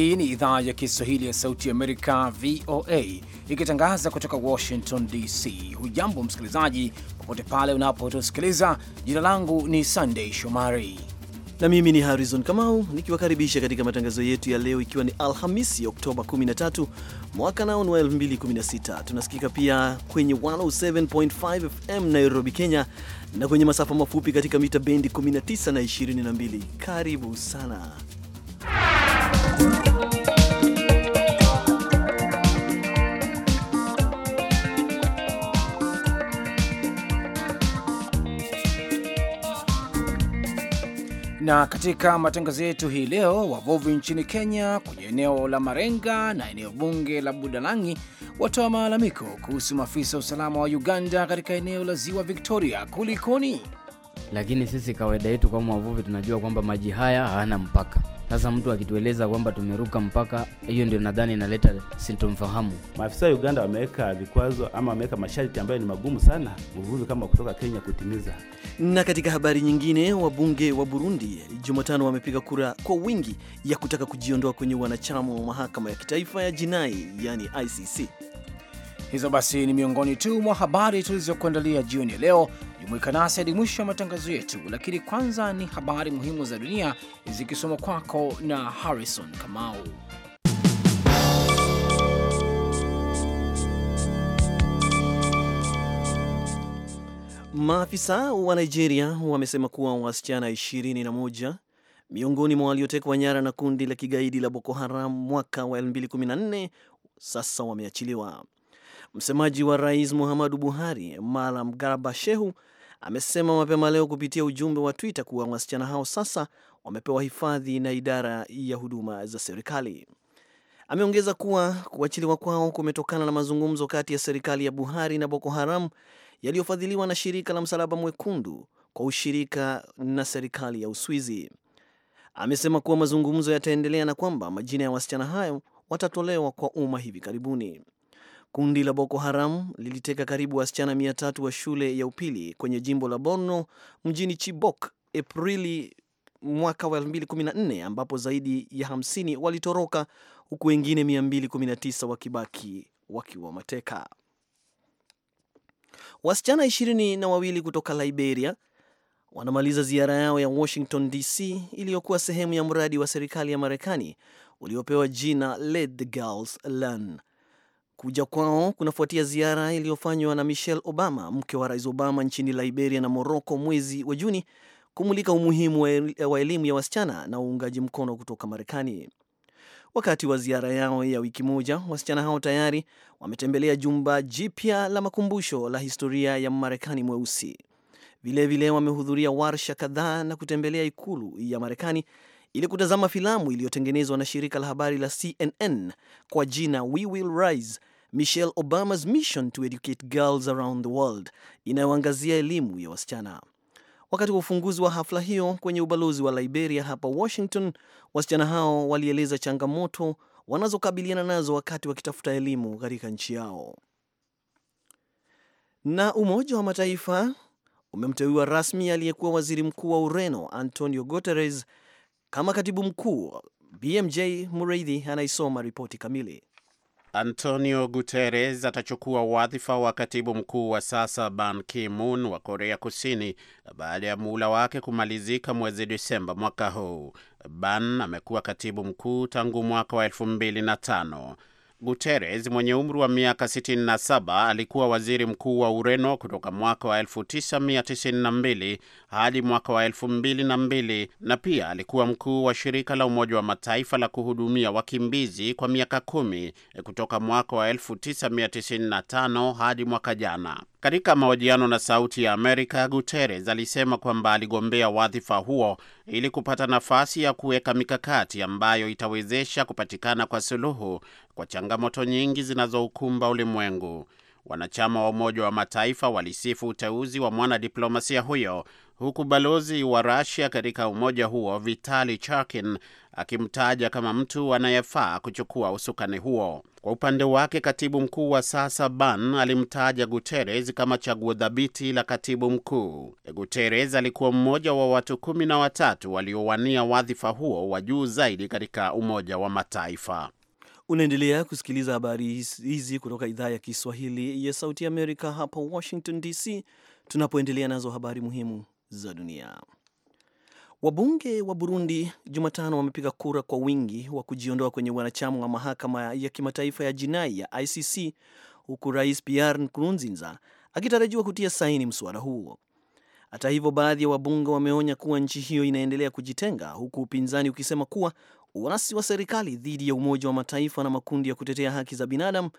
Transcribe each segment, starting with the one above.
Hii ni idhaa ya Kiswahili ya Sauti ya Amerika, VOA, ikitangaza kutoka Washington DC. Hujambo msikilizaji, popote pale unapotusikiliza. Jina langu ni Sandei Shomari na mimi ni Harrison Kamau nikiwakaribisha katika matangazo yetu ya leo, ikiwa ni Alhamisi Oktoba 13 mwaka nao wa 2016. Tunasikika pia kwenye 107.5 FM Nairobi, Kenya, na kwenye masafa mafupi katika mita bendi 19 na 22. Karibu sana na katika matangazo yetu hii leo, wavuvi nchini Kenya kwenye eneo la Marenga na eneo bunge la Budalangi watoa malalamiko kuhusu maafisa wa usalama wa Uganda katika eneo la ziwa Victoria. Kulikoni? Lakini sisi kawaida yetu kama wavuvi tunajua kwamba maji haya hayana mpaka sasa mtu akitueleza kwamba tumeruka mpaka, hiyo ndio nadhani inaleta sintomfahamu. Maafisa wa Uganda wameweka vikwazo ama wameweka masharti ambayo ni magumu sana uvuvi kama kutoka Kenya kutimiza. Na katika habari nyingine, wabunge wa Burundi Jumatano wamepiga kura kwa wingi ya kutaka kujiondoa kwenye wanachama wa mahakama ya kitaifa ya jinai, yani ICC. Hizo basi ni miongoni tu mwa habari tulizokuandalia jioni ya leo. Jumuika nasi hadi mwisho wa matangazo yetu, lakini kwanza ni habari muhimu za dunia zikisoma kwako na Harrison Kamau. Maafisa wa Nigeria wamesema kuwa wasichana 21 miongoni mwa waliotekwa nyara na kundi la kigaidi la Boko Haram mwaka wa 2014 sasa wameachiliwa. Msemaji wa rais Muhammadu Buhari, Malam Garba Shehu, amesema mapema leo kupitia ujumbe wa Twitter kuwa wasichana hao sasa wamepewa hifadhi na idara ya huduma za serikali. Ameongeza kuwa kuachiliwa kwao kumetokana na mazungumzo kati ya serikali ya Buhari na Boko Haram yaliyofadhiliwa na shirika la Msalaba Mwekundu kwa ushirika na serikali ya Uswizi. Amesema kuwa mazungumzo yataendelea na kwamba majina ya wasichana hayo watatolewa kwa umma hivi karibuni. Kundi la Boko Haram liliteka karibu wasichana mia tatu wa shule ya upili kwenye jimbo la Borno mjini Chibok Aprili mwaka wa 2014 ambapo zaidi ya 50 walitoroka huku wengine 219 wakibaki wakiwa mateka. Wasichana ishirini na wawili kutoka Liberia wanamaliza ziara yao ya Washington DC iliyokuwa sehemu ya mradi wa serikali ya Marekani uliopewa jina Let the Girls Learn. Kuja kwao kunafuatia ziara iliyofanywa na Michelle Obama, mke wa Rais Obama, nchini Liberia na Moroko mwezi wa Juni kumulika umuhimu wa elimu ya wasichana na uungaji mkono kutoka Marekani. Wakati wa ziara yao ya wiki moja, wasichana hao tayari wametembelea jumba jipya la makumbusho la historia ya Marekani mweusi. Vilevile wamehudhuria warsha kadhaa na kutembelea ikulu ya Marekani ili kutazama filamu iliyotengenezwa na shirika la habari la CNN kwa jina We Will Rise Michelle Obama's Mission to Educate Girls Around the World inayoangazia elimu ya wasichana. Wakati wa ufunguzi wa hafla hiyo kwenye ubalozi wa Liberia hapa Washington, wasichana hao walieleza changamoto wanazokabiliana nazo wakati wakitafuta elimu katika nchi yao. Na Umoja wa Mataifa umemteua rasmi aliyekuwa waziri mkuu wa Ureno Antonio Guterres kama katibu mkuu. BMJ Mureithi anaisoma ripoti kamili. Antonio Guterres atachukua wadhifa wa katibu mkuu wa sasa Ban Ki-moon wa Korea Kusini baada ya muhula wake kumalizika mwezi Disemba mwaka huu. Ban amekuwa katibu mkuu tangu mwaka wa elfu mbili na tano. Guterres mwenye umri wa miaka 67 alikuwa waziri mkuu wa Ureno kutoka mwaka wa 1992 hadi mwaka wa 2002 na pia alikuwa mkuu wa shirika la Umoja wa Mataifa la kuhudumia wakimbizi kwa miaka kumi eh, kutoka mwaka wa 1995 hadi mwaka jana. Katika mahojiano na Sauti ya Amerika, Guterres alisema kwamba aligombea wadhifa huo ili kupata nafasi ya kuweka mikakati ambayo itawezesha kupatikana kwa suluhu kwa changamoto nyingi zinazoukumba ulimwengu. Wanachama wa Umoja wa Mataifa walisifu uteuzi wa mwanadiplomasia huyo huku balozi wa rusia katika umoja huo Vitali Chakin akimtaja kama mtu anayefaa kuchukua usukani huo. Kwa upande wake, katibu mkuu wa sasa Ban alimtaja Guterres kama chaguo dhabiti la katibu mkuu. Guterres alikuwa mmoja wa watu kumi na watatu waliowania wadhifa huo wa juu zaidi katika Umoja wa Mataifa. Unaendelea kusikiliza habari hizi kutoka idhaa ya Kiswahili ya Sauti Amerika hapa Washington DC, tunapoendelea nazo habari muhimu za dunia. Wabunge wa Burundi Jumatano wamepiga kura kwa wingi wa kujiondoa kwenye wanachama wa mahakama ya kimataifa ya jinai ya ICC, huku Rais Pierre Nkurunziza akitarajiwa kutia saini mswada huo. Hata hivyo, baadhi ya wabunge wameonya kuwa nchi hiyo inaendelea kujitenga, huku upinzani ukisema kuwa Uasi wa serikali dhidi ya Umoja wa Mataifa na makundi ya kutetea haki za binadamu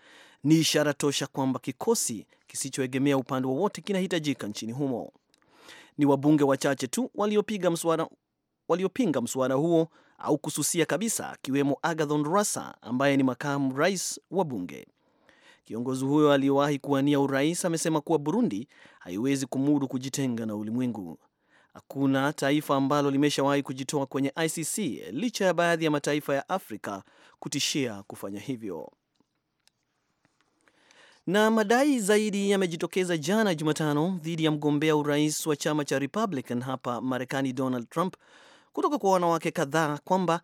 ni ishara tosha kwamba kikosi kisichoegemea upande wowote kinahitajika nchini humo. Ni wabunge wachache tu waliopiga mswada waliopinga mswada huo au kususia kabisa, akiwemo Agathon Rasa ambaye ni makamu rais wa bunge. Kiongozi huyo aliyewahi kuwania urais amesema kuwa Burundi haiwezi kumudu kujitenga na ulimwengu. Hakuna taifa ambalo limeshawahi kujitoa kwenye ICC licha ya baadhi ya mataifa ya Afrika kutishia kufanya hivyo. Na madai zaidi yamejitokeza jana Jumatano dhidi ya mgombea urais wa chama cha Republican hapa Marekani, Donald Trump, kutoka kwa wanawake kadhaa kwamba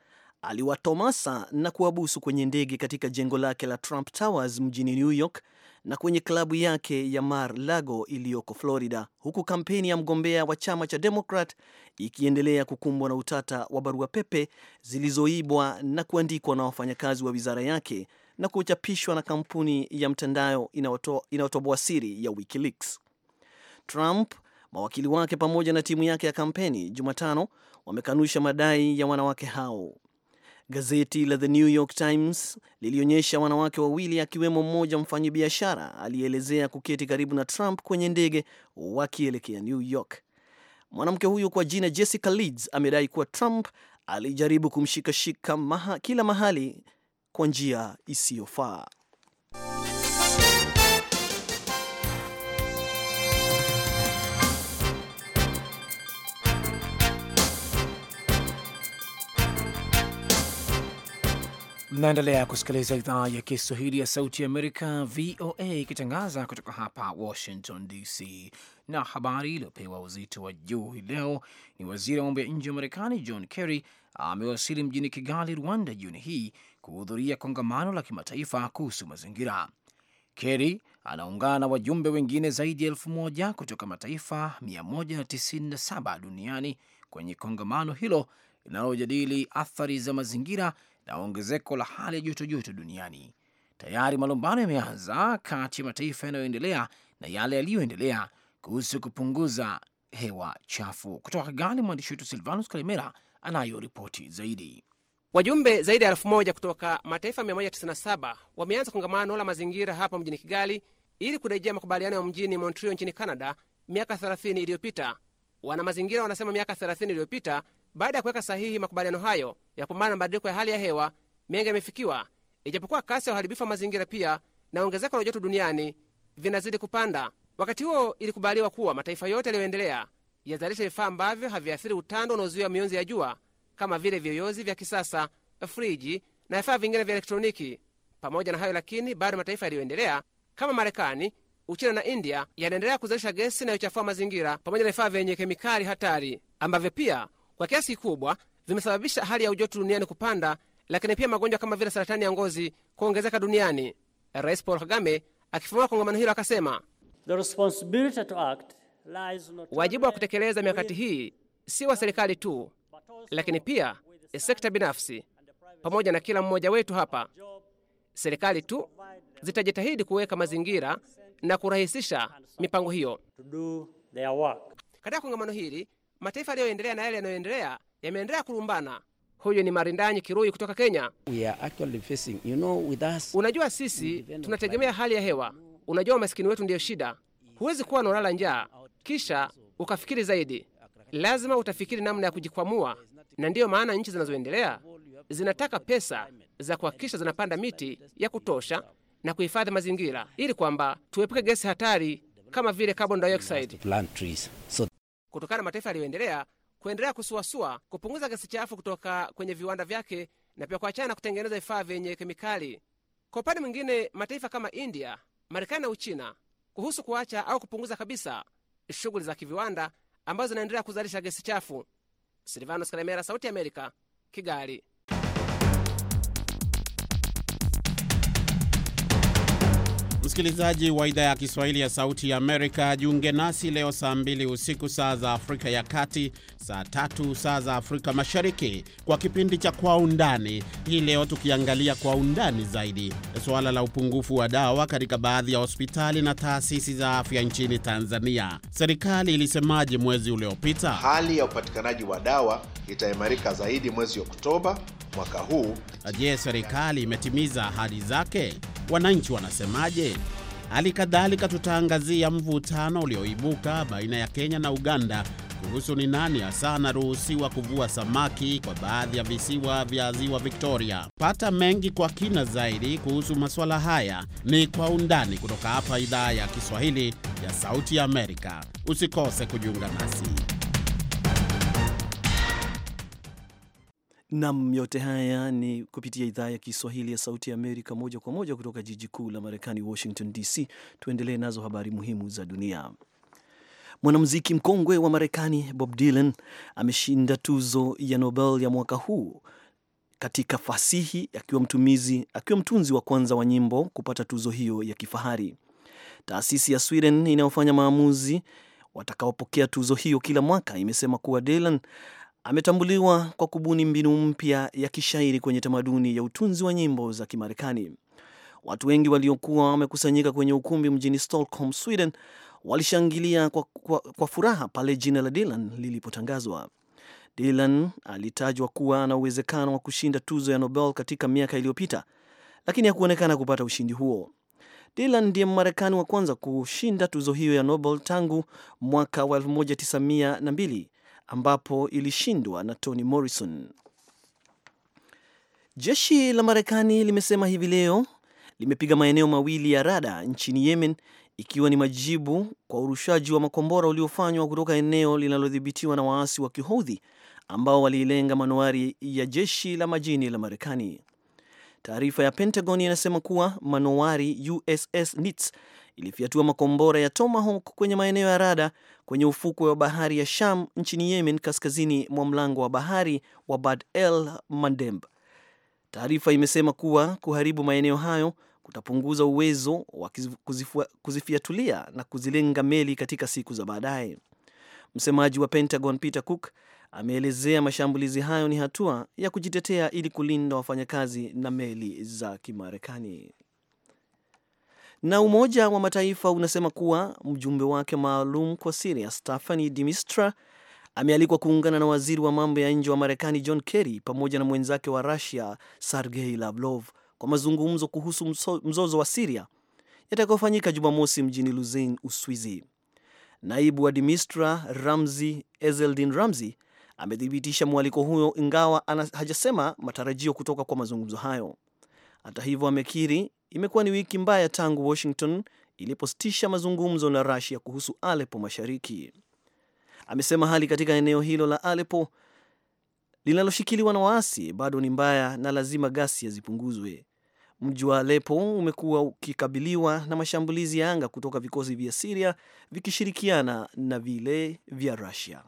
aliwatomasa na kuwabusu kwenye ndege katika jengo lake la Trump Towers mjini New York na kwenye klabu yake ya Mar-Lago iliyoko Florida, huku kampeni ya mgombea wa chama cha Demokrat ikiendelea kukumbwa na utata wa barua pepe zilizoibwa na kuandikwa na wafanyakazi wa wizara yake na kuchapishwa na kampuni ya mtandao inayotoboa siri ya WikiLeaks. Trump, mawakili wake pamoja na timu yake ya kampeni Jumatano wamekanusha madai ya wanawake hao. Gazeti la The New York Times lilionyesha wanawake wawili akiwemo mmoja mfanyabiashara aliyeelezea kuketi karibu na Trump kwenye ndege wakielekea New York. Mwanamke huyo kwa jina Jessica Leeds amedai kuwa Trump alijaribu kumshikashika maha, kila mahali kwa njia isiyofaa. naendelea kusikiliza idhaa ya Kiswahili ya Sauti ya Amerika, VOA, ikitangaza kutoka hapa Washington DC. Na habari iliyopewa uzito wa juu hii leo ni waziri wa mambo ya nje wa Marekani John Kerry amewasili mjini Kigali, Rwanda, jioni hii kuhudhuria kongamano la kimataifa kuhusu mazingira. Kerry anaungana na wajumbe wengine zaidi ya elfu moja kutoka mataifa 197 duniani kwenye kongamano hilo linalojadili athari za mazingira na ongezeko la hali ya joto joto duniani. Tayari malumbano yameanza kati ya mataifa yanayoendelea na yale yaliyoendelea kuhusu kupunguza hewa chafu. Kutoka Kigali, mwandishi wetu Silvanus Kalimera anayo ripoti zaidi. Wajumbe zaidi ya elfu moja kutoka mataifa 197 wameanza kongamano la mazingira hapa mjini Kigali ili kurejea makubaliano ya mjini Montreal nchini Canada miaka 30 iliyopita. Wanamazingira wanasema miaka 30 iliyopita baada ya kuweka sahihi makubaliano hayo ya kupambana na mabadiliko ya hali ya hewa, mengi yamefikiwa, ijapokuwa kasi ya uharibifu wa mazingira pia na ongezeko la joto duniani vinazidi kupanda. Wakati huo, ilikubaliwa kuwa mataifa yote yaliyoendelea yazalishe vifaa ambavyo haviathiri utando unaozuia mionzi ya jua kama vile viyoyozi vya kisasa, friji na vifaa vingine vya elektroniki. Pamoja na hayo lakini, bado mataifa yaliyoendelea kama Marekani, Uchina na India yanaendelea kuzalisha gesi inayochafua mazingira pamoja na vifaa vyenye kemikali hatari ambavyo pia kwa kiasi kikubwa vimesababisha hali ya ujoto duniani kupanda, lakini pia magonjwa kama vile saratani ya ngozi kuongezeka duniani. Rais Paul Kagame akifungua kongamano hilo akasema, wajibu wa kutekeleza mikakati hii si wa serikali tu, lakini pia sekta binafsi pamoja na kila mmoja wetu hapa. Serikali tu zitajitahidi kuweka mazingira na kurahisisha mipango hiyo. Katika kongamano hili mataifa yaliyoendelea na yale yanayoendelea yameendelea kulumbana. Huyu ni Marindanyi Kirui kutoka Kenya. We are actually facing, you know, with us. Unajua sisi tunategemea hali ya hewa, unajua umasikini wetu ndiyo shida. Huwezi kuwa ulala njaa kisha ukafikiri zaidi, lazima utafikiri namna ya kujikwamua, na ndiyo maana nchi zinazoendelea zinataka pesa za kuhakikisha zinapanda miti ya kutosha na kuhifadhi mazingira ili kwamba tuepuke gesi hatari kama vile carbon dioxide kutokana na mataifa yaliyoendelea kuendelea kusuasua kupunguza gesi chafu kutoka kwenye viwanda vyake na pia kuachana na kutengeneza vifaa vyenye kemikali. Kwa upande mwingine, mataifa kama India, Marekani na Uchina kuhusu kuacha au kupunguza kabisa shughuli za kiviwanda ambazo zinaendelea kuzalisha gesi chafu. Silvanos Kalemera, Sauti ya Amerika, Kigali. Msikilizaji wa idhaa ya Kiswahili ya Sauti ya Amerika, jiunge nasi leo saa mbili usiku saa za Afrika ya Kati, saa tatu saa za Afrika Mashariki kwa kipindi cha Kwa Undani. Hii leo tukiangalia kwa undani zaidi suala la upungufu wa dawa katika baadhi ya hospitali na taasisi za afya nchini Tanzania. Serikali ilisemaje mwezi uliopita? Hali ya upatikanaji wa dawa itaimarika zaidi mwezi Oktoba mwaka huu. Je, serikali imetimiza ahadi zake? Wananchi wanasemaje? Hali kadhalika tutaangazia mvutano ulioibuka baina ya Kenya na Uganda kuhusu ni nani hasa anaruhusiwa kuvua samaki kwa baadhi ya visiwa vya ziwa Victoria. Pata mengi kwa kina zaidi kuhusu masuala haya ni kwa undani kutoka hapa idhaa ya Kiswahili ya Sauti ya Amerika. Usikose kujiunga nasi. Nam, yote haya ni kupitia idhaa ya Kiswahili ya Sauti ya Amerika, moja kwa moja kutoka jiji kuu la Marekani, Washington DC. Tuendelee nazo habari muhimu za dunia. Mwanamuziki mkongwe wa Marekani Bob Dylan ameshinda tuzo ya Nobel ya mwaka huu katika fasihi akiwa mtumizi, akiwa mtunzi wa kwanza wa nyimbo kupata tuzo hiyo ya kifahari. Taasisi ya Sweden inayofanya maamuzi watakaopokea tuzo hiyo kila mwaka imesema kuwa Dylan ametambuliwa kwa kubuni mbinu mpya ya kishairi kwenye tamaduni ya utunzi wa nyimbo za Kimarekani. Watu wengi waliokuwa wamekusanyika kwenye ukumbi mjini Stockholm, Sweden, walishangilia kwa, kwa, kwa furaha pale jina la Dylan lilipotangazwa. Dylan alitajwa kuwa na uwezekano wa kushinda tuzo ya Nobel katika miaka iliyopita, lakini hakuonekana kupata ushindi huo. Dylan ndiye Mmarekani wa kwanza kushinda tuzo hiyo ya Nobel tangu mwaka wa 1902 ambapo ilishindwa na Toni Morrison. Jeshi la Marekani limesema hivi leo limepiga maeneo mawili ya rada nchini Yemen, ikiwa ni majibu kwa urushaji wa makombora uliofanywa kutoka eneo linalodhibitiwa na waasi wa Kihoudhi ambao waliilenga manuari ya jeshi la majini la Marekani. Taarifa ya Pentagon inasema kuwa manuari USS Nitz ilifyatua makombora ya Tomahawk kwenye maeneo ya rada kwenye ufukwe wa bahari ya Sham nchini Yemen, kaskazini mwa mlango wa bahari wa Bad el Mandeb. Taarifa imesema kuwa kuharibu maeneo hayo kutapunguza uwezo wa kuzifiatulia na kuzilenga meli katika siku za baadaye. Msemaji wa Pentagon Peter Cook ameelezea mashambulizi hayo ni hatua ya kujitetea ili kulinda wafanyakazi na meli za Kimarekani. Na Umoja wa Mataifa unasema kuwa mjumbe wake maalum kwa Siria Stephanie de Mistura amealikwa kuungana na waziri wa mambo ya nje wa Marekani John Kerry pamoja na mwenzake wa Rusia Sergei Lavrov kwa mazungumzo kuhusu mzozo wa Siria yatakayofanyika Jumamosi mjini luzin Uswizi. Naibu wa Dimistra Ramzi Ezeldin Ramzi amethibitisha mwaliko huyo ingawa hajasema matarajio kutoka kwa mazungumzo hayo. Hata hivyo, amekiri Imekuwa ni wiki mbaya tangu Washington ilipositisha mazungumzo na Russia kuhusu Aleppo Mashariki. Amesema hali katika eneo hilo la Aleppo linaloshikiliwa na waasi bado ni mbaya na lazima ghasia zipunguzwe. Mji wa Aleppo umekuwa ukikabiliwa na mashambulizi ya anga kutoka vikosi vya Syria vikishirikiana na vile vya Russia.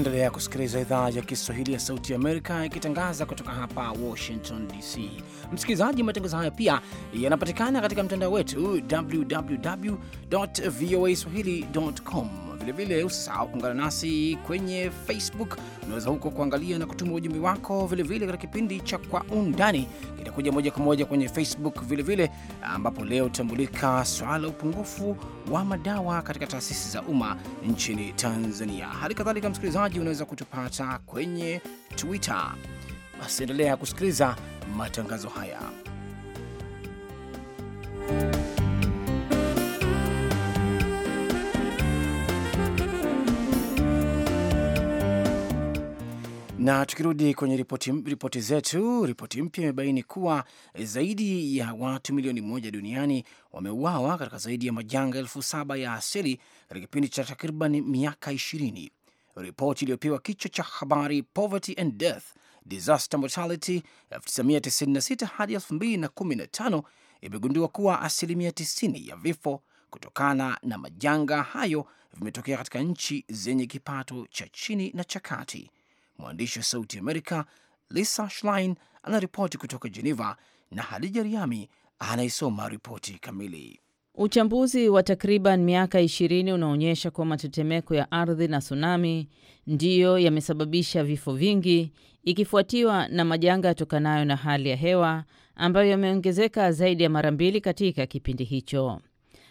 Unaendelea kusikiliza idhaa ya Kiswahili ya Sauti ya Amerika ikitangaza kutoka hapa Washington DC. Msikilizaji, matangazo haya pia yanapatikana katika mtandao wetu www voa swahili.com Vilevile usisahau kuungana nasi kwenye Facebook, unaweza huko kuangalia na kutuma ujumbe wako. Vilevile katika kipindi cha Kwa Undani kitakuja moja kwa moja kwenye Facebook vilevile, ambapo leo tutambulika swala la upungufu wa madawa katika taasisi za umma nchini Tanzania. Hali kadhalika, msikilizaji, unaweza kutupata kwenye Twitter. Basi endelea kusikiliza matangazo haya. Na tukirudi kwenye ripoti, ripoti zetu, ripoti mpya imebaini kuwa zaidi ya watu milioni moja duniani wameuawa katika zaidi ya majanga elfu saba ya asili katika kipindi cha takriban miaka ishirini. Ripoti iliyopewa kichwa cha habari Poverty and Death Disaster Mortality 1996 hadi 2015 imegundua kuwa asilimia 90 ya vifo kutokana na majanga hayo vimetokea katika nchi zenye kipato cha chini na cha kati Mwandishi wa Sauti Amerika Lisa Schlein anaripoti kutoka Geneva na Hadija Riami anaisoma ripoti kamili. Uchambuzi wa takriban miaka ishirini unaonyesha kuwa matetemeko ya ardhi na tsunami ndiyo yamesababisha vifo vingi, ikifuatiwa na majanga yatokanayo na hali ya hewa ambayo yameongezeka zaidi ya mara mbili katika kipindi hicho.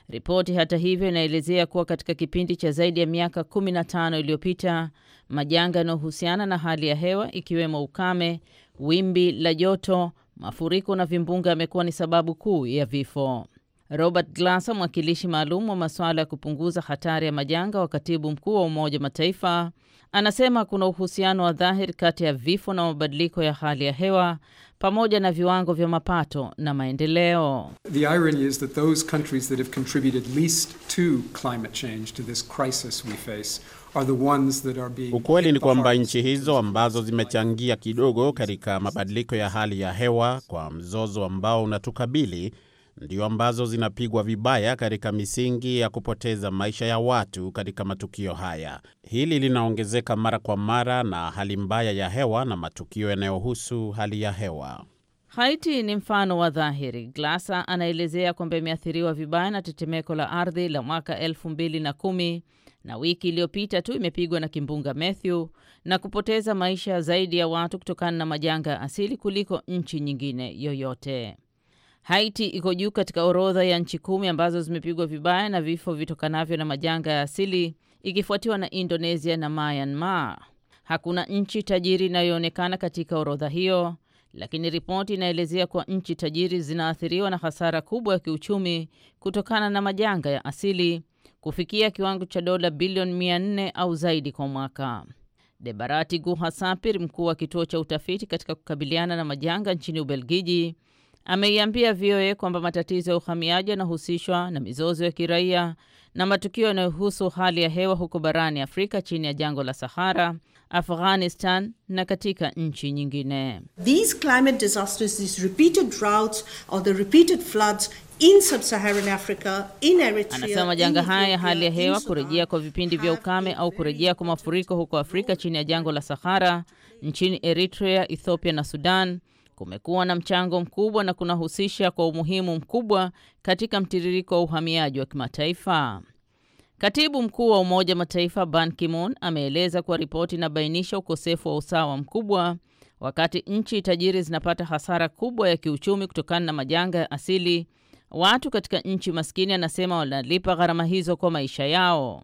Ripoti hata hivyo inaelezea kuwa katika kipindi cha zaidi ya miaka 15 iliyopita majanga yanayohusiana na hali ya hewa ikiwemo ukame, wimbi la joto, mafuriko na vimbunga yamekuwa ni sababu kuu ya vifo. Robert Glasser, mwakilishi maalum wa masuala ya kupunguza hatari ya majanga wa katibu mkuu wa Umoja wa Mataifa, Anasema kuna uhusiano wa dhahiri kati ya vifo na mabadiliko ya hali ya hewa pamoja na viwango vya mapato na maendeleo. The irony is that those countries that have contributed least to climate change to this crisis we face are the ones that are being. Ukweli ni kwamba nchi hizo ambazo zimechangia kidogo katika mabadiliko ya hali ya hewa kwa mzozo ambao unatukabili ndio ambazo zinapigwa vibaya katika misingi ya kupoteza maisha ya watu katika matukio haya. Hili linaongezeka mara kwa mara na hali mbaya ya hewa na matukio yanayohusu hali ya hewa. Haiti ni mfano wa dhahiri. Glasa anaelezea kwamba imeathiriwa vibaya na tetemeko la ardhi la mwaka elfu mbili na kumi na wiki iliyopita tu imepigwa na kimbunga Matthew na kupoteza maisha zaidi ya watu kutokana na majanga ya asili kuliko nchi nyingine yoyote. Haiti iko juu katika orodha ya nchi kumi ambazo zimepigwa vibaya na vifo vitokanavyo na majanga ya asili ikifuatiwa na Indonesia na Myanmar. Hakuna nchi tajiri inayoonekana katika orodha hiyo, lakini ripoti inaelezea kuwa nchi tajiri zinaathiriwa na hasara kubwa ya kiuchumi kutokana na majanga ya asili kufikia kiwango cha dola bilioni mia nne au zaidi kwa mwaka. Debarati Guha Sapir, mkuu wa kituo cha utafiti katika kukabiliana na majanga nchini Ubelgiji, Ameiambia VOA kwamba matatizo ya uhamiaji yanahusishwa na mizozo ya kiraia na matukio yanayohusu hali ya hewa huko barani Afrika chini ya jangwa la Sahara, Afghanistan na katika nchi nyingine. These climate disasters, these repeated droughts or the repeated floods in sub-Saharan Africa, in Eritrea. Anasema majanga haya ya hali ya hewa, kurejea kwa vipindi vya ukame au kurejea kwa mafuriko huko Afrika chini ya jangwa la Sahara, nchini Eritrea, Ethiopia na Sudan kumekuwa na mchango mkubwa na kunahusisha kwa umuhimu mkubwa katika mtiririko wa uhamiaji wa kimataifa. Katibu mkuu wa Umoja Mataifa Ban Ki-moon ameeleza kuwa ripoti inabainisha ukosefu wa usawa mkubwa, wakati nchi tajiri zinapata hasara kubwa ya kiuchumi kutokana na majanga ya asili. Watu katika nchi maskini, anasema, wanalipa gharama hizo kwa maisha yao.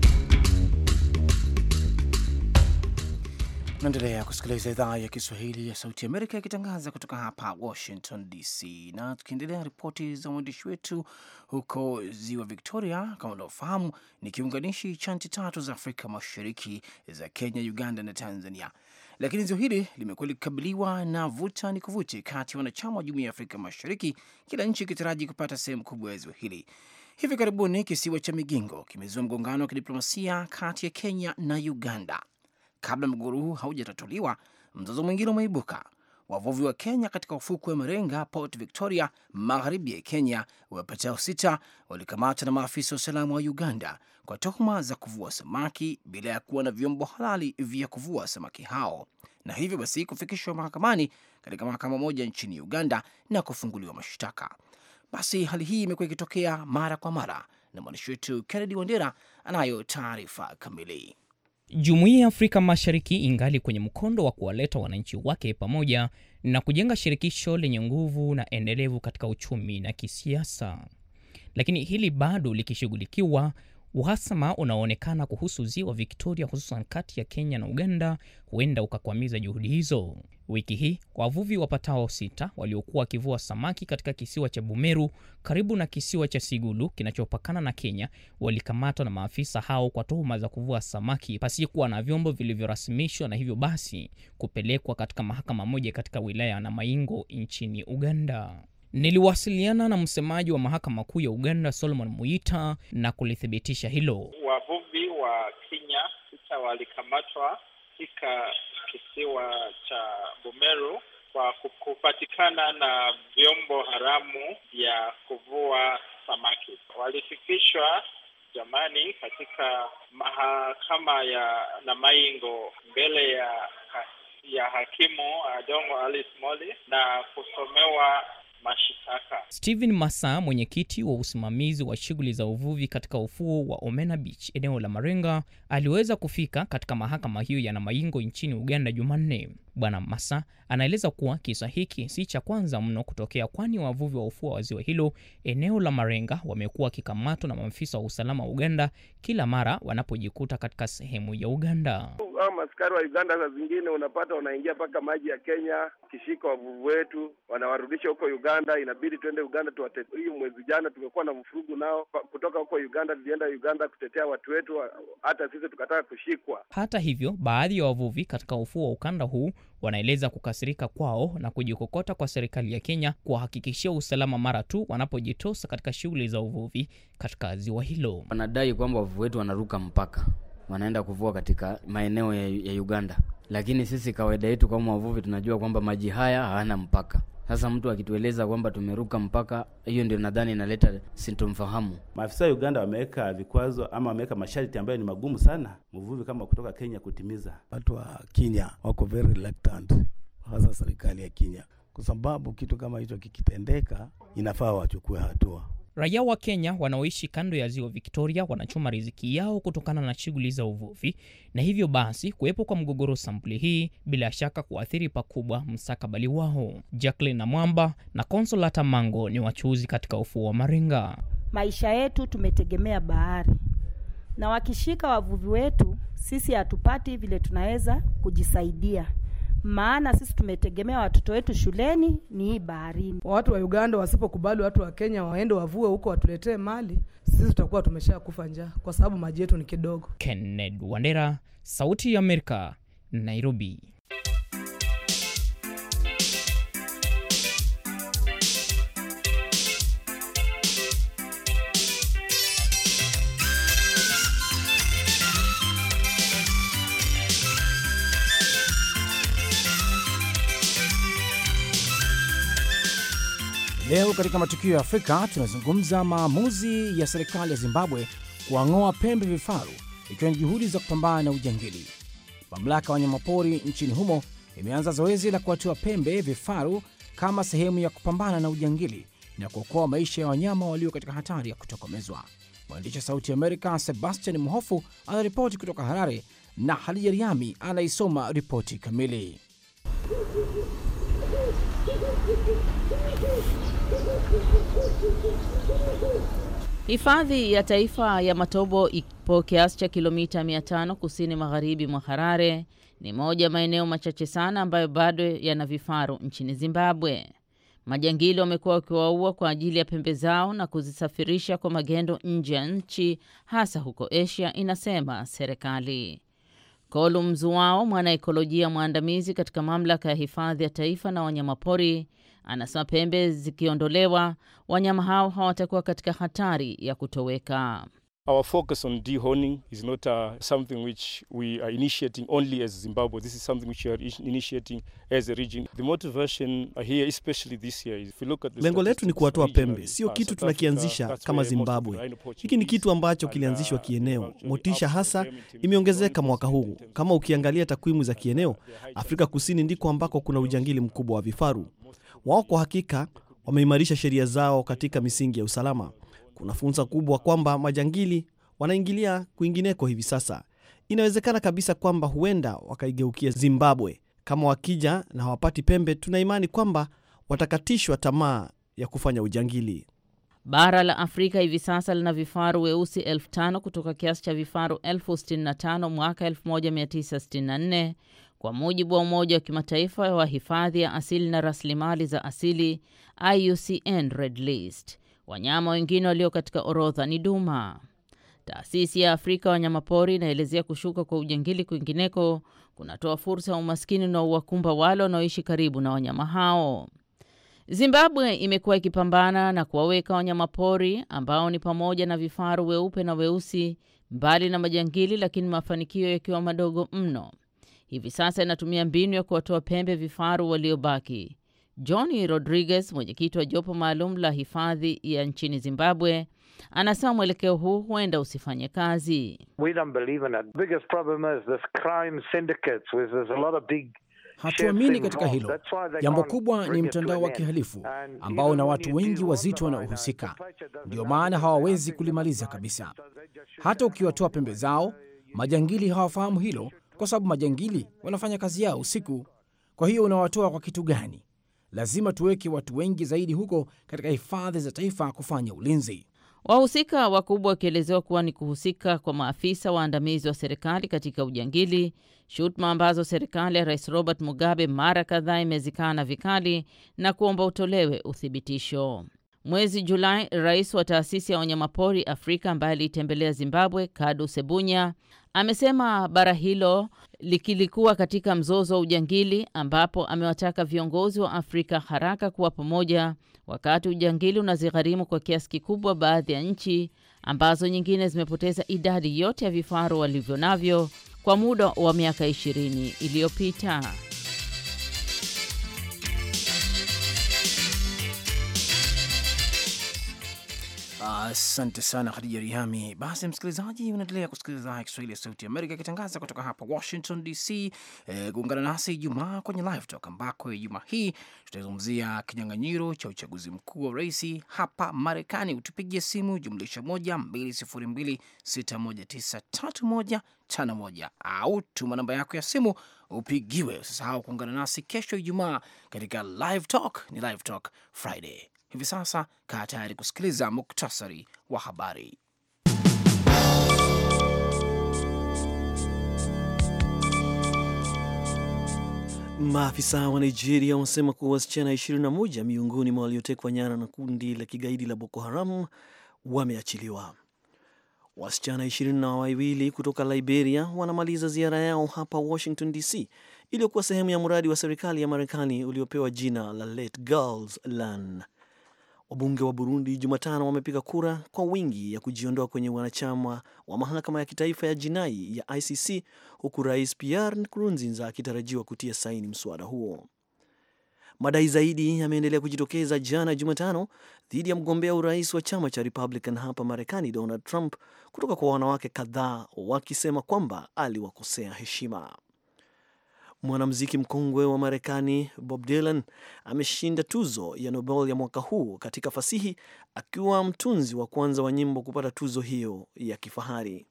Naendelea kusikiliza idhaa ya Kiswahili ya Sauti Amerika ikitangaza kutoka hapa Washington DC, na tukiendelea ripoti za mwandishi wetu huko ziwa Victoria. Kama unavyofahamu, ni kiunganishi cha nchi tatu za Afrika Mashariki za Kenya, Uganda na Tanzania, lakini ziwa hili limekuwa likikabiliwa na vuta ni kuvuti kati ya wanachama wa Jumuiya ya Afrika Mashariki, kila nchi ikitaraji kupata sehemu kubwa ya ziwa hili. Hivi karibuni kisiwa cha Migingo kimezua mgongano wa kidiplomasia kati ya Kenya na Uganda Kabla mgogoro huu haujatatuliwa, mzozo mwingine umeibuka. Wavuvi wa Kenya katika ufukwe wa Marenga, Port Victoria, magharibi ya Kenya, wapatao sita walikamatwa na maafisa wa usalama wa Uganda kwa tuhuma za kuvua samaki bila ya kuwa na vyombo halali vya kuvua samaki hao, na hivyo basi kufikishwa mahakamani katika mahakama moja nchini Uganda na kufunguliwa mashtaka. Basi hali hii imekuwa ikitokea mara kwa mara, na mwandishi wetu Kennedy Wandera anayo taarifa kamili. Jumuiya ya Afrika Mashariki ingali kwenye mkondo wa kuwaleta wananchi wake pamoja na kujenga shirikisho lenye nguvu na endelevu katika uchumi na kisiasa, lakini hili bado likishughulikiwa, Uhasama unaoonekana kuhusu ziwa Victoria, hususan kati ya Kenya na Uganda, huenda ukakwamiza juhudi hizo. Wiki hii wavuvi wapatao sita waliokuwa wakivua samaki katika kisiwa cha Bumeru karibu na kisiwa cha Sigulu kinachopakana na Kenya walikamatwa na maafisa hao kwa tuhuma za kuvua samaki pasikuwa na vyombo vilivyorasimishwa na hivyo basi kupelekwa katika mahakama moja katika wilaya ya maingo nchini Uganda. Niliwasiliana na msemaji wa mahakama kuu ya Uganda Solomon muita na kulithibitisha hilo. Wavuvi wa Kenya sita walikamatwa katika kisiwa cha bumeru kwa kupatikana na vyombo haramu vya kuvua samaki. Walifikishwa jamani, katika mahakama ya Namaingo mbele ya ya hakimu Adongo Alice Moli na kusomewa mashitaka. Steven Massa, mwenyekiti wa usimamizi wa shughuli za uvuvi katika ufuo wa Omena Beach eneo la Marenga, aliweza kufika katika mahakama hiyo ya maingo nchini Uganda Jumanne. Bwana Massa anaeleza kuwa kisa hiki si cha kwanza mno kutokea, kwani wavuvi wa ufua wa ziwa hilo eneo la Marenga wamekuwa wakikamatwa na maafisa wa usalama wa Uganda kila mara wanapojikuta katika sehemu ya Uganda. Hao maskari wa Uganda saa zingine unapata wanaingia mpaka maji ya Kenya, kishika wavuvi wetu wanawarudisha huko Uganda, inabidi tuende Uganda tuwatetee. Hiyo mwezi jana tumekuwa na mfurugu nao kutoka huko Uganda, tulienda Uganda kutetea watu wetu, hata sisi tukataka kushikwa. Hata hivyo, baadhi ya wavuvi katika ufuo wa ukanda huu wanaeleza kukasirika kwao na kujikokota kwa serikali ya Kenya kuwahakikishia usalama mara tu wanapojitosa katika shughuli za uvuvi katika ziwa hilo. Wanadai kwamba wavuvi wetu wanaruka mpaka wanaenda kuvua katika maeneo ya Uganda, lakini sisi kawaida yetu kama wavuvi tunajua kwamba maji haya hayana mpaka. Sasa mtu akitueleza kwamba tumeruka mpaka, hiyo ndio nadhani inaleta sintomfahamu. Maafisa wa Uganda wameweka vikwazo ama wameweka masharti ambayo ni magumu sana mvuvi kama kutoka Kenya kutimiza. Watu wa Kenya wako very reluctant, hasa serikali ya Kenya, kwa sababu kitu kama hicho kikitendeka, inafaa wachukue hatua. Raia wa Kenya wanaoishi kando ya ziwa Victoria wanachuma riziki yao kutokana na shughuli za uvuvi, na hivyo basi kuwepo kwa mgogoro sampuli hii bila shaka kuathiri pakubwa mstakabali wao. Jacqueline na Mwamba na Consolata Mango ni wachuuzi katika ufuo wa Maringa. Maisha yetu tumetegemea bahari, na wakishika wavuvi wetu sisi hatupati vile tunaweza kujisaidia maana sisi tumetegemea watoto wetu shuleni ni hii baharini. Watu wa Uganda wasipokubali watu wa Kenya waende wavue huko watuletee mali, sisi tutakuwa tumeshakufa njaa, kwa sababu maji yetu ni kidogo. Kenneth Wandera, Sauti ya Amerika, Nairobi. Leo katika matukio ya Afrika tunazungumza maamuzi ya serikali ya Zimbabwe kuwang'oa pembe vifaru, ikiwa ni juhudi za kupambana na ujangili. Mamlaka ya wanyamapori nchini humo imeanza zoezi la kuwatiwa pembe vifaru kama sehemu ya kupambana na ujangili na kuokoa maisha ya wanyama walio katika hatari ya kutokomezwa. Mwandishi wa Sauti Amerika Sebastian Mhofu anaripoti kutoka Harare na Hadija Riami anaisoma ripoti kamili. Hifadhi ya Taifa ya Matobo ipo kiasi cha kilomita 500 kusini magharibi mwa Harare. Ni moja maeneo machache sana ambayo bado yana vifaru nchini Zimbabwe. Majangili wamekuwa wakiwaua kwa ajili ya pembe zao na kuzisafirisha kwa magendo nje ya nchi, hasa huko Asia, inasema serikali. Kolum Zuao, mwanaekolojia mwandamizi katika mamlaka ya hifadhi ya taifa na wanyamapori, Anasema pembe zikiondolewa, wanyama hao hawatakuwa katika hatari ya kutoweka. Our focus on dehorning is not uh, something which we are initiating only as Zimbabwe. This is something which we are initiating as a region. The motivation here especially this year is if you look at the Lengo letu ni kuwatoa pembe, sio kitu tunakianzisha kama Zimbabwe. Hiki ni kitu ambacho kilianzishwa uh, kieneo. Motisha hasa imeongezeka mwaka huu. Kama ukiangalia takwimu za kieneo, Afrika Kusini ndiko ambako kuna ujangili mkubwa wa vifaru. Wao kwa hakika wameimarisha sheria zao katika misingi ya usalama. Kuna funza kubwa kwamba majangili wanaingilia kwingineko hivi sasa. Inawezekana kabisa kwamba huenda wakaigeukia Zimbabwe. Kama wakija na hawapati pembe, tunaimani kwamba watakatishwa tamaa ya kufanya ujangili. Bara la Afrika hivi sasa lina vifaru weusi 5 kutoka kiasi cha vifaru 65 mwaka 1964 kwa mujibu wa Umoja wa Kimataifa wa Hifadhi ya Asili na Rasilimali za Asili IUCN Red List. Wanyama wengine walio katika orodha ni duma. Taasisi ya Afrika wanyamapori inaelezea kushuka kwa ujangili kwingineko kunatoa fursa ya umaskini unaowakumba wale wanaoishi karibu na wanyama hao. Zimbabwe imekuwa ikipambana na kuwaweka wanyamapori ambao ni pamoja na vifaru weupe na weusi mbali na majangili, lakini mafanikio yakiwa madogo mno. Hivi sasa inatumia mbinu ya kuwatoa pembe vifaru waliobaki johni Rodriguez, mwenyekiti wa jopo maalum la hifadhi ya nchini Zimbabwe, anasema mwelekeo huu huenda usifanye kazi. Hatuamini katika hilo. Jambo kubwa ni mtandao wa kihalifu ambao na watu wengi wazito wanaohusika, ndio maana hawawezi kulimaliza kabisa. Hata ukiwatoa pembe zao, majangili hawafahamu hilo, kwa sababu majangili wanafanya kazi yao usiku. Kwa hiyo unawatoa kwa kitu gani? lazima tuweke watu wengi zaidi huko katika hifadhi za taifa kufanya ulinzi. Wahusika wakubwa wakielezewa kuwa ni kuhusika kwa maafisa waandamizi wa serikali katika ujangili, shutuma ambazo serikali ya Rais Robert Mugabe mara kadhaa imezikana vikali na kuomba utolewe uthibitisho. Mwezi Julai, rais wa taasisi ya wanyamapori Afrika ambaye aliitembelea Zimbabwe, Kadu Sebunya, Amesema bara hilo likilikuwa katika mzozo wa ujangili, ambapo amewataka viongozi wa Afrika haraka kuwa pamoja, wakati ujangili unazigharimu kwa kiasi kikubwa baadhi ya nchi ambazo nyingine zimepoteza idadi yote ya vifaru walivyo navyo kwa muda wa miaka ishirini iliyopita. Asante sana Khadija Riami. Basi msikilizaji, unaendelea kusikiliza idhaa ya Kiswahili ya Sauti Amerika ikitangaza kutoka hapa Washington DC. E, eh, kuungana nasi Ijumaa kwenye Live Talk ambako Ijumaa hii tutazungumzia kinyang'anyiro cha uchaguzi mkuu wa urais hapa Marekani. Utupigie simu jumlisha moja mbili sifuri mbili sita moja tisa tatu moja tano moja au tuma namba yako ya simu upigiwe. Usisahau kuungana nasi kesho Ijumaa katika Live Talk. Ni Live Talk Friday. Hivi sasa kaa tayari kusikiliza muktasari wa habari. Maafisa wa Nigeria wanasema kuwa wasichana 21 miongoni mwa waliotekwa nyara na kundi la kigaidi la Boko Haram wameachiliwa. Wasichana ishirini na wawili kutoka Liberia wanamaliza ziara yao hapa Washington DC iliyokuwa sehemu ya mradi wa serikali ya Marekani uliopewa jina la Let Girls Learn. Wabunge wa Burundi Jumatano wamepiga kura kwa wingi ya kujiondoa kwenye wanachama wa mahakama ya kitaifa ya jinai ya ICC, huku rais Pierre Nkurunziza akitarajiwa kutia saini mswada huo. Madai zaidi yameendelea kujitokeza jana Jumatano dhidi ya mgombea urais wa chama cha Republican hapa Marekani, Donald Trump, kutoka kwa wanawake kadhaa wakisema kwamba aliwakosea heshima. Mwanamuziki mkongwe wa Marekani Bob Dylan ameshinda tuzo ya Nobel ya mwaka huu katika fasihi, akiwa mtunzi wa kwanza wa nyimbo kupata tuzo hiyo ya kifahari.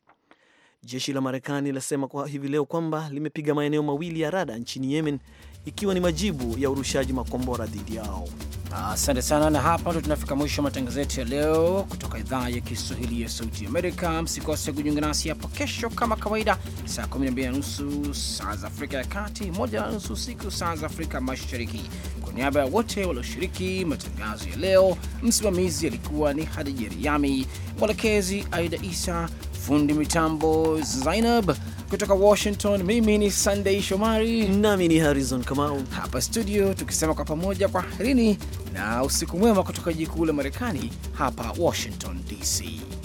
Jeshi la Marekani linasema kwa hivi leo kwamba limepiga maeneo mawili ya rada nchini Yemen, ikiwa ni majibu ya urushaji makombora dhidi yao. Asante sana, na hapa ndo tunafika mwisho wa matangazo yetu ya leo kutoka idhaa ya Kiswahili ya Sauti Amerika. Msikose kujiunga nasi hapo kesho kama kawaida, saa 12 na nusu saa za Afrika ya Kati, moja na nusu usiku saa za Afrika Mashariki. Kwa niaba ya wote walioshiriki matangazo ya leo, msimamizi alikuwa ni Hadija Riami, mwelekezi Aida Isa, fundi mitambo Zainab kutoka Washington, mimi ni Sunday Shomari nami ni Harrison Kamau hapa studio, tukisema kwa pamoja kwa herini na usiku mwema kutoka jikuu la Marekani hapa Washington DC.